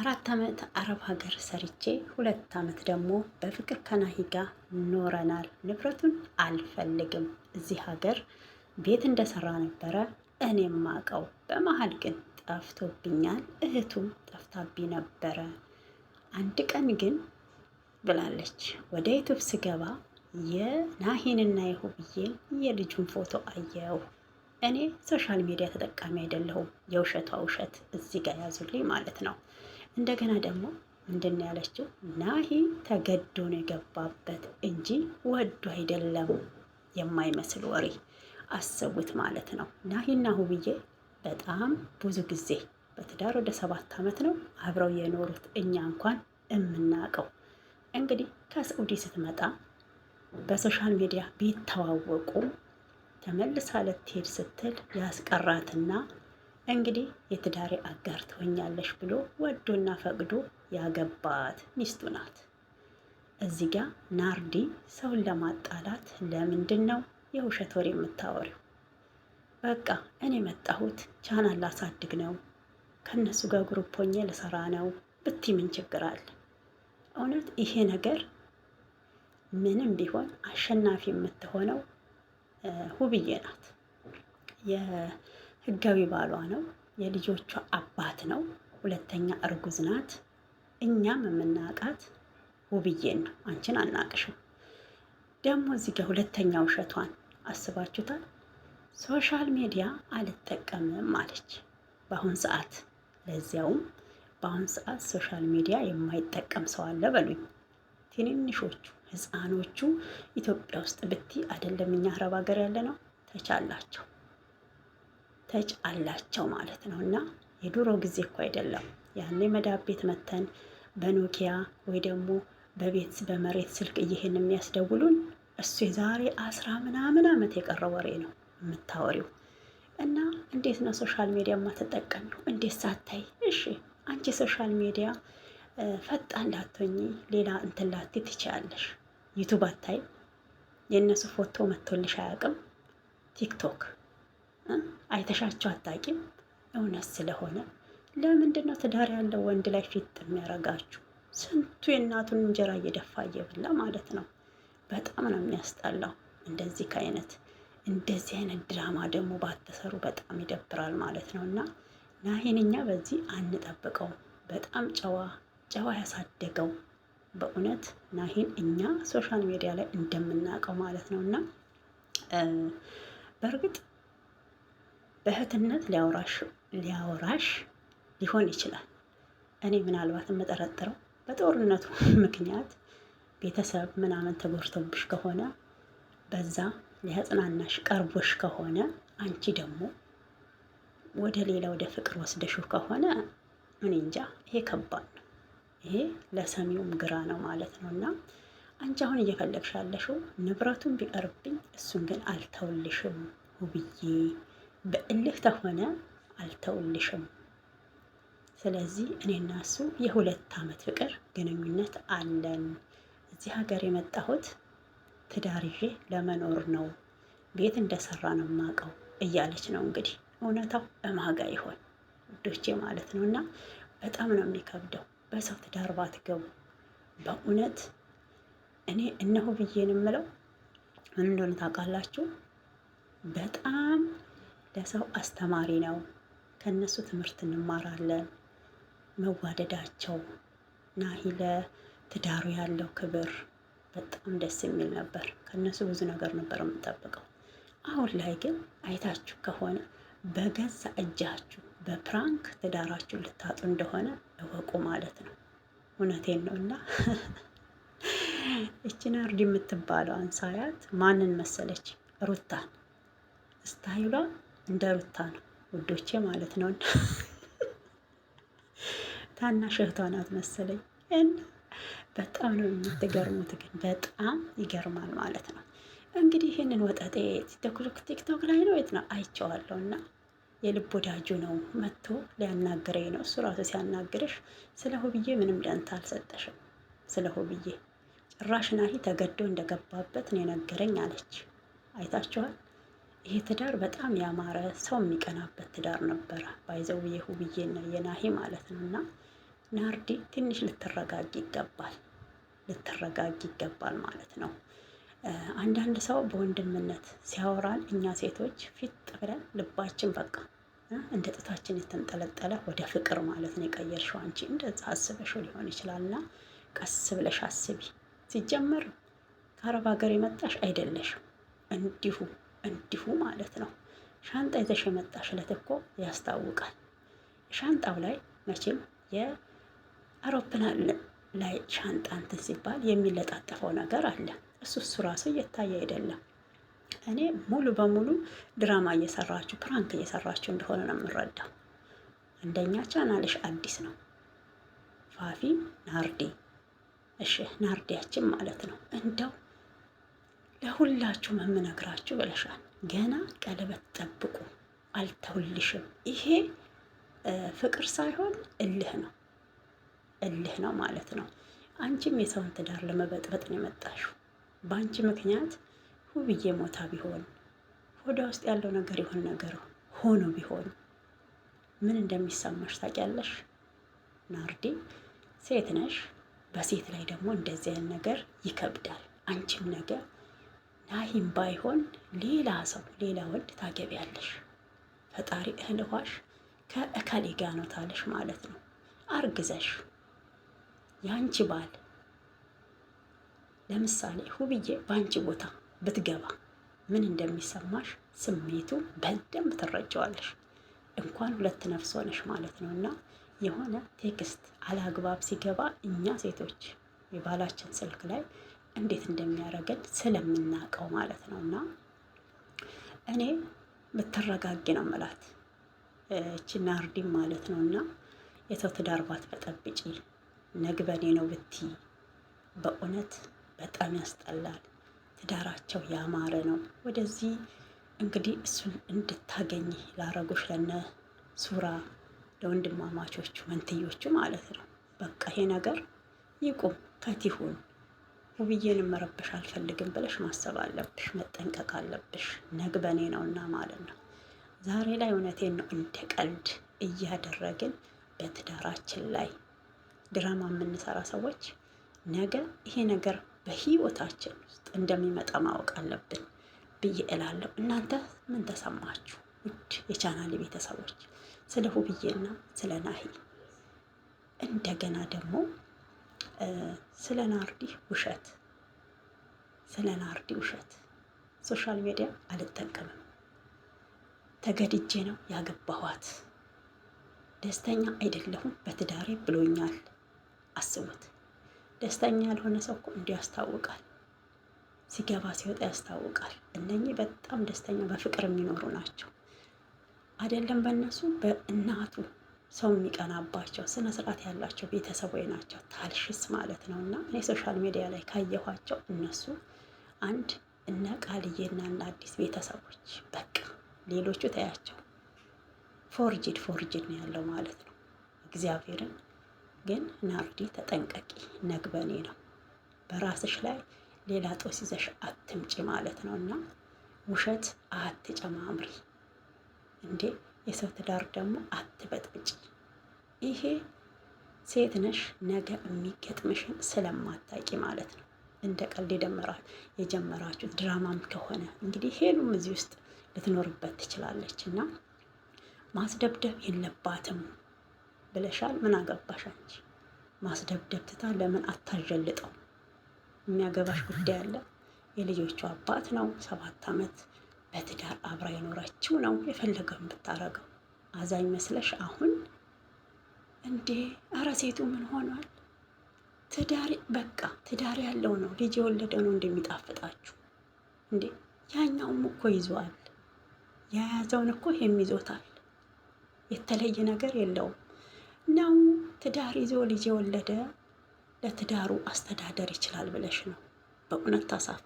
አራት ዓመት አረብ ሀገር ሰርቼ ሁለት ዓመት ደግሞ በፍቅር ከናሂ ጋር ኖረናል። ንብረቱን አልፈልግም። እዚህ ሀገር ቤት እንደሰራ ነበረ እኔም ማቀው። በመሀል ግን ጠፍቶብኛል፣ እህቱም ጠፍታቢ ነበረ። አንድ ቀን ግን ብላለች፣ ወደ ዩቱብ ስገባ የናሂንና የሁብዬን የልጁን ፎቶ አየው። እኔ ሶሻል ሚዲያ ተጠቃሚ አይደለሁም። የውሸቷ ውሸት እዚህ ጋር ያዙልኝ ማለት ነው እንደገና ደግሞ ምንድን ያለችው ናሂ ተገዶ ነው የገባበት እንጂ ወዶ አይደለም። የማይመስል ወሬ አሰቡት ማለት ነው። ናሂና ሁብዬ በጣም ብዙ ጊዜ በትዳር ወደ ሰባት ዓመት ነው አብረው የኖሩት እኛ እንኳን የምናውቀው። እንግዲህ ከሳዑዲ ስትመጣ በሶሻል ሚዲያ ቢተዋወቁ ተመልሳ ልትሄድ ስትል ያስቀራትና እንግዲህ የትዳሬ አጋር ትሆኛለሽ ብሎ ወዶና ፈቅዶ ያገባት ሚስቱ ናት። እዚህ ጋ ናርዲ ሰውን ለማጣላት ለምንድን ነው የውሸት ወሬ የምታወሪው? በቃ እኔ መጣሁት ቻናል ላሳድግ ነው ከእነሱ ጋር ግሩፕ ሆኜ ልሰራ ነው ብቲ ምን ችግር አለ? እውነት ይሄ ነገር ምንም ቢሆን አሸናፊ የምትሆነው ሁብዬ ናት። ህጋዊ ባሏ ነው፣ የልጆቿ አባት ነው። ሁለተኛ እርጉዝ ናት። እኛም የምናውቃት ውብዬን ነው፣ አንቺን አናቅሽም። ደግሞ እዚህ ጋር ሁለተኛ ውሸቷን አስባችሁታል። ሶሻል ሚዲያ አልጠቀምም አለች በአሁን ሰዓት። ለዚያውም በአሁን ሰዓት ሶሻል ሚዲያ የማይጠቀም ሰው አለ በሉኝ። ትንንሾቹ ህፃኖቹ ኢትዮጵያ ውስጥ ብቲ አይደለም እኛ አረብ ሀገር ያለ ነው ተቻላቸው ፈጅ አላቸው ማለት ነው። እና የድሮ ጊዜ እኮ አይደለም። ያኔ መዳብ ቤት መተን በኖኪያ ወይ ደግሞ በቤት በመሬት ስልክ ይህን የሚያስደውሉን እሱ የዛሬ አስራ ምናምን ዓመት የቀረ ወሬ ነው የምታወሪው። እና እንዴት ነው ሶሻል ሚዲያ ነው እንዴት ሳታይ? እሺ አንቺ ሶሻል ሚዲያ ፈጣን ላቶኝ ሌላ እንትን ላቴ ትችያለሽ። ዩቱብ አታይ? የእነሱ ፎቶ መቶልሽ አያውቅም? ቲክቶክ አይተሻቸው አታቂም። እውነት ስለሆነ ለምንድን ነው ትዳር ያለው ወንድ ላይ ፊት የሚያረጋችሁ? ስንቱ የእናቱን እንጀራ እየደፋ እየበላ ማለት ነው። በጣም ነው የሚያስጠላው። እንደዚህ ከአይነት እንደዚህ አይነት ድራማ ደግሞ ባትሰሩ በጣም ይደብራል ማለት ነው። እና ናሂን እኛ በዚህ አንጠብቀው። በጣም ጨዋ ጨዋ ያሳደገው በእውነት ናሂን እኛ ሶሻል ሚዲያ ላይ እንደምናውቀው ማለት ነው እና በእርግጥ በእህትነት ሊያወራሽ ሊሆን ይችላል። እኔ ምናልባት የምጠረጥረው በጦርነቱ ምክንያት ቤተሰብ ምናምን ተጎድቶብሽ ከሆነ በዛ ሊያጽናናሽ ቀርቦሽ ከሆነ አንቺ ደግሞ ወደ ሌላ ወደ ፍቅር ወስደሽው ከሆነ እኔ እንጃ፣ ይሄ ከባድ ነው። ይሄ ለሰሚውም ግራ ነው ማለት ነው። እና አንቺ አሁን እየፈለግሽ ያለሽው ንብረቱን ቢቀርብኝ እሱን ግን አልተውልሽም ውብዬ በእልህ ተሆነ አልተውልሽም። ስለዚህ እኔና እሱ የሁለት ዓመት ፍቅር ግንኙነት አለን። እዚህ ሀገር የመጣሁት ትዳር ይዤ ለመኖር ነው። ቤት እንደሰራ ነው የማውቀው እያለች ነው እንግዲህ እውነታው እማጋ ይሆን ውዶቼ ማለት ነው። እና በጣም ነው የሚከብደው በሰው ትዳር ባትገቡ በእውነት እኔ እነሆ ብዬ የምለው ምን እንደሆነ ታውቃላችሁ በጣም ለሰው አስተማሪ ነው። ከነሱ ትምህርት እንማራለን። መዋደዳቸው ናሂ ለትዳሩ ያለው ክብር በጣም ደስ የሚል ነበር። ከነሱ ብዙ ነገር ነበር የምንጠብቀው። አሁን ላይ ግን አይታችሁ ከሆነ በገዛ እጃችሁ በፕራንክ ትዳራችሁ ልታጡ እንደሆነ እወቁ ማለት ነው። እውነቴን ነው እና እችን እርድ የምትባለው ሳያት ማንን መሰለች? ሩታን ስታይሏ እንደ ሩታ ነው ውዶቼ ማለት ነው። ታናሽ እህቷ ናት መሰለኝ። በጣም ነው የምትገርሙት፣ ግን በጣም ይገርማል ማለት ነው። እንግዲህ ይህንን ወጠጤ ቲክቶክ ላይ ነው የት ነው አይቼዋለሁ እና የልብ ወዳጁ ነው መጥቶ ሊያናግረኝ ነው። እሱ ራሱ ሲያናግርሽ ስለ ሆብዬ ምንም ደንታ አልሰጠሽም። ስለ ሆብዬ ጭራሽ ናሂ ተገዶ እንደገባበት ነው የነገረኝ አለች። አይታችኋል። ይሄ ትዳር በጣም ያማረ ሰው የሚቀናበት ትዳር ነበረ። ባይዘው የሁብዬና የናሂ ማለት ነው። እና ናርዲ ትንሽ ልትረጋግ ይገባል፣ ልትረጋግ ይገባል ማለት ነው። አንዳንድ ሰው በወንድምነት ሲያወራን እኛ ሴቶች ፊት ብለን ልባችን በቃ እንደ ጥታችን የተንጠለጠለ ወደ ፍቅር ማለት ነው የቀየርሽው አንቺ እንደዛ አስበሽው ሊሆን ይችላል። እና ቀስ ብለሽ አስቢ። ሲጀመር ከአረብ ሀገር የመጣሽ አይደለሽም እንዲሁ እንዲሁ ማለት ነው። ሻንጣ ይዘሽ የመጣሽ ዕለት እኮ ያስታውቃል። ሻንጣው ላይ መቼም የአውሮፕላን ላይ ሻንጣ እንትን ሲባል የሚለጣጠፈው ነገር አለ። እሱ እሱ ራሱ እየታየ አይደለም። እኔ ሙሉ በሙሉ ድራማ እየሰራችሁ ፕራንክ እየሰራችሁ እንደሆነ ነው የምረዳው። እንደኛ ቻናልሽ አዲስ ነው ፋፊ ናርዴ እሺ ናርዲያችን ማለት ነው እንደው ለሁላችሁም የምነግራችሁ ብለሻል። ገና ቀለበት ጠብቁ፣ አልተውልሽም። ይሄ ፍቅር ሳይሆን እልህ ነው፣ እልህ ነው ማለት ነው። አንቺም የሰውን ትዳር ለመበጥበጥ ነው የመጣሽው። በአንቺ ምክንያት ሁብዬ ሞታ ቢሆን ሆዳ ውስጥ ያለው ነገር ይሆን ነገር ሆኖ ቢሆን ምን እንደሚሰማሽ ታውቂያለሽ ናርዲ። ሴት ነሽ። በሴት ላይ ደግሞ እንደዚህ አይነት ነገር ይከብዳል። አንቺም ነገር ናሂም ባይሆን ሌላ ሰው ሌላ ወንድ ታገቢያለሽ፣ ፈጣሪ እህል ከእከሌ ጋ ነው ታለሽ ማለት ነው። አርግዘሽ ያንቺ ባል ለምሳሌ ሁብዬ በአንቺ ቦታ ብትገባ ምን እንደሚሰማሽ ስሜቱ በደንብ ትረጀዋለሽ። እንኳን ሁለት ነፍስ ሆነሽ ማለት ነው። እና የሆነ ቴክስት አላግባብ ሲገባ እኛ ሴቶች የባላችን ስልክ ላይ እንዴት እንደሚያደርገን ስለምናውቀው ማለት ነው። እና እኔ ብትረጋጊ ነው የምላት እቺ ናርዲን ማለት ነው። እና የሰው ትዳር ባትበጠብጪ ነግበኔ ነው ብትይ በእውነት በጣም ያስጠላል። ትዳራቸው ያማረ ነው። ወደዚህ እንግዲህ እሱን እንድታገኝ ላረጎች ለነ ሱራ ለወንድማማቾቹ መንትዮቹ ማለት ነው። በቃ ይሄ ነገር ይቁም ከቲሁን ውብዬንም መረበሽ አልፈልግም ብለሽ ማሰብ አለብሽ፣ መጠንቀቅ አለብሽ። ነግ በኔ ነውና ማለት ነው። ዛሬ ላይ እውነቴን ነው እንደ ቀልድ እያደረግን በትዳራችን ላይ ድራማ የምንሰራ ሰዎች ነገ ይሄ ነገር በህይወታችን ውስጥ እንደሚመጣ ማወቅ አለብን ብዬ እላለሁ። እናንተ ምን ተሰማችሁ? ውድ የቻናል ቤተሰቦች ስለ ሁብዬና ስለ ናሂ እንደገና ደግሞ ስለ ናርዲ ውሸት ስለ ናርዲ ውሸት ሶሻል ሚዲያ አልጠቀምም። ተገድጄ ነው ያገባኋት፣ ደስተኛ አይደለሁም በትዳሬ ብሎኛል። አስቡት። ደስተኛ ያልሆነ ሰው እኮ እንዲሁ ያስታውቃል። ሲገባ ሲወጣ ያስታውቃል። እነኚህ በጣም ደስተኛ በፍቅር የሚኖሩ ናቸው። አይደለም በእነሱ በእናቱ ሰው የሚቀናባቸው ስነ ስርዓት ያላቸው ቤተሰቦች ናቸው። ታልሽስ ማለት ነው። እና እኔ ሶሻል ሚዲያ ላይ ካየኋቸው እነሱ አንድ እነ ቃልዬና እነ አዲስ ቤተሰቦች በቃ ሌሎቹ ታያቸው ፎርጅድ ፎርጅድ ነው ያለው ማለት ነው። እግዚአብሔርን ግን ናርዲ ተጠንቀቂ፣ ነግበኔ ነው በራስሽ ላይ ሌላ ጦስ ይዘሽ አትምጪ ማለት ነው እና ውሸት አትጨማምሪ እንዴ የሰው ትዳር ደግሞ አትበጥብጭ። ይሄ ሴት ነሽ ነገ የሚገጥምሽን ስለማታቂ ማለት ነው። እንደ ቀልድ የጀመራችሁ ድራማም ከሆነ እንግዲህ ሄሉም እዚህ ውስጥ ልትኖርበት ትችላለች እና ማስደብደብ የለባትም ብለሻል። ምን አገባሽ አንቺ? ማስደብደብ ትታ ለምን አታጀልጠው? የሚያገባሽ ጉዳይ አለ። የልጆቹ አባት ነው። ሰባት አመት በትዳር አብራ የኖረችው ነው የፈለገውን ብታረገው። አዛኝ መስለሽ አሁን እንዴ! አረ ሴቱ ምን ሆኗል? ትዳር በቃ ትዳር ያለው ነው ልጅ የወለደ ነው እንደሚጣፍጣችሁ እንዴ! ያኛውም እኮ ይዟል። የያዘውን እኮ ይሄም ይዞታል። የተለየ ነገር የለውም ነው ትዳር ይዞ ልጅ የወለደ ለትዳሩ አስተዳደር ይችላል ብለሽ ነው። በእውነት ታሳፍ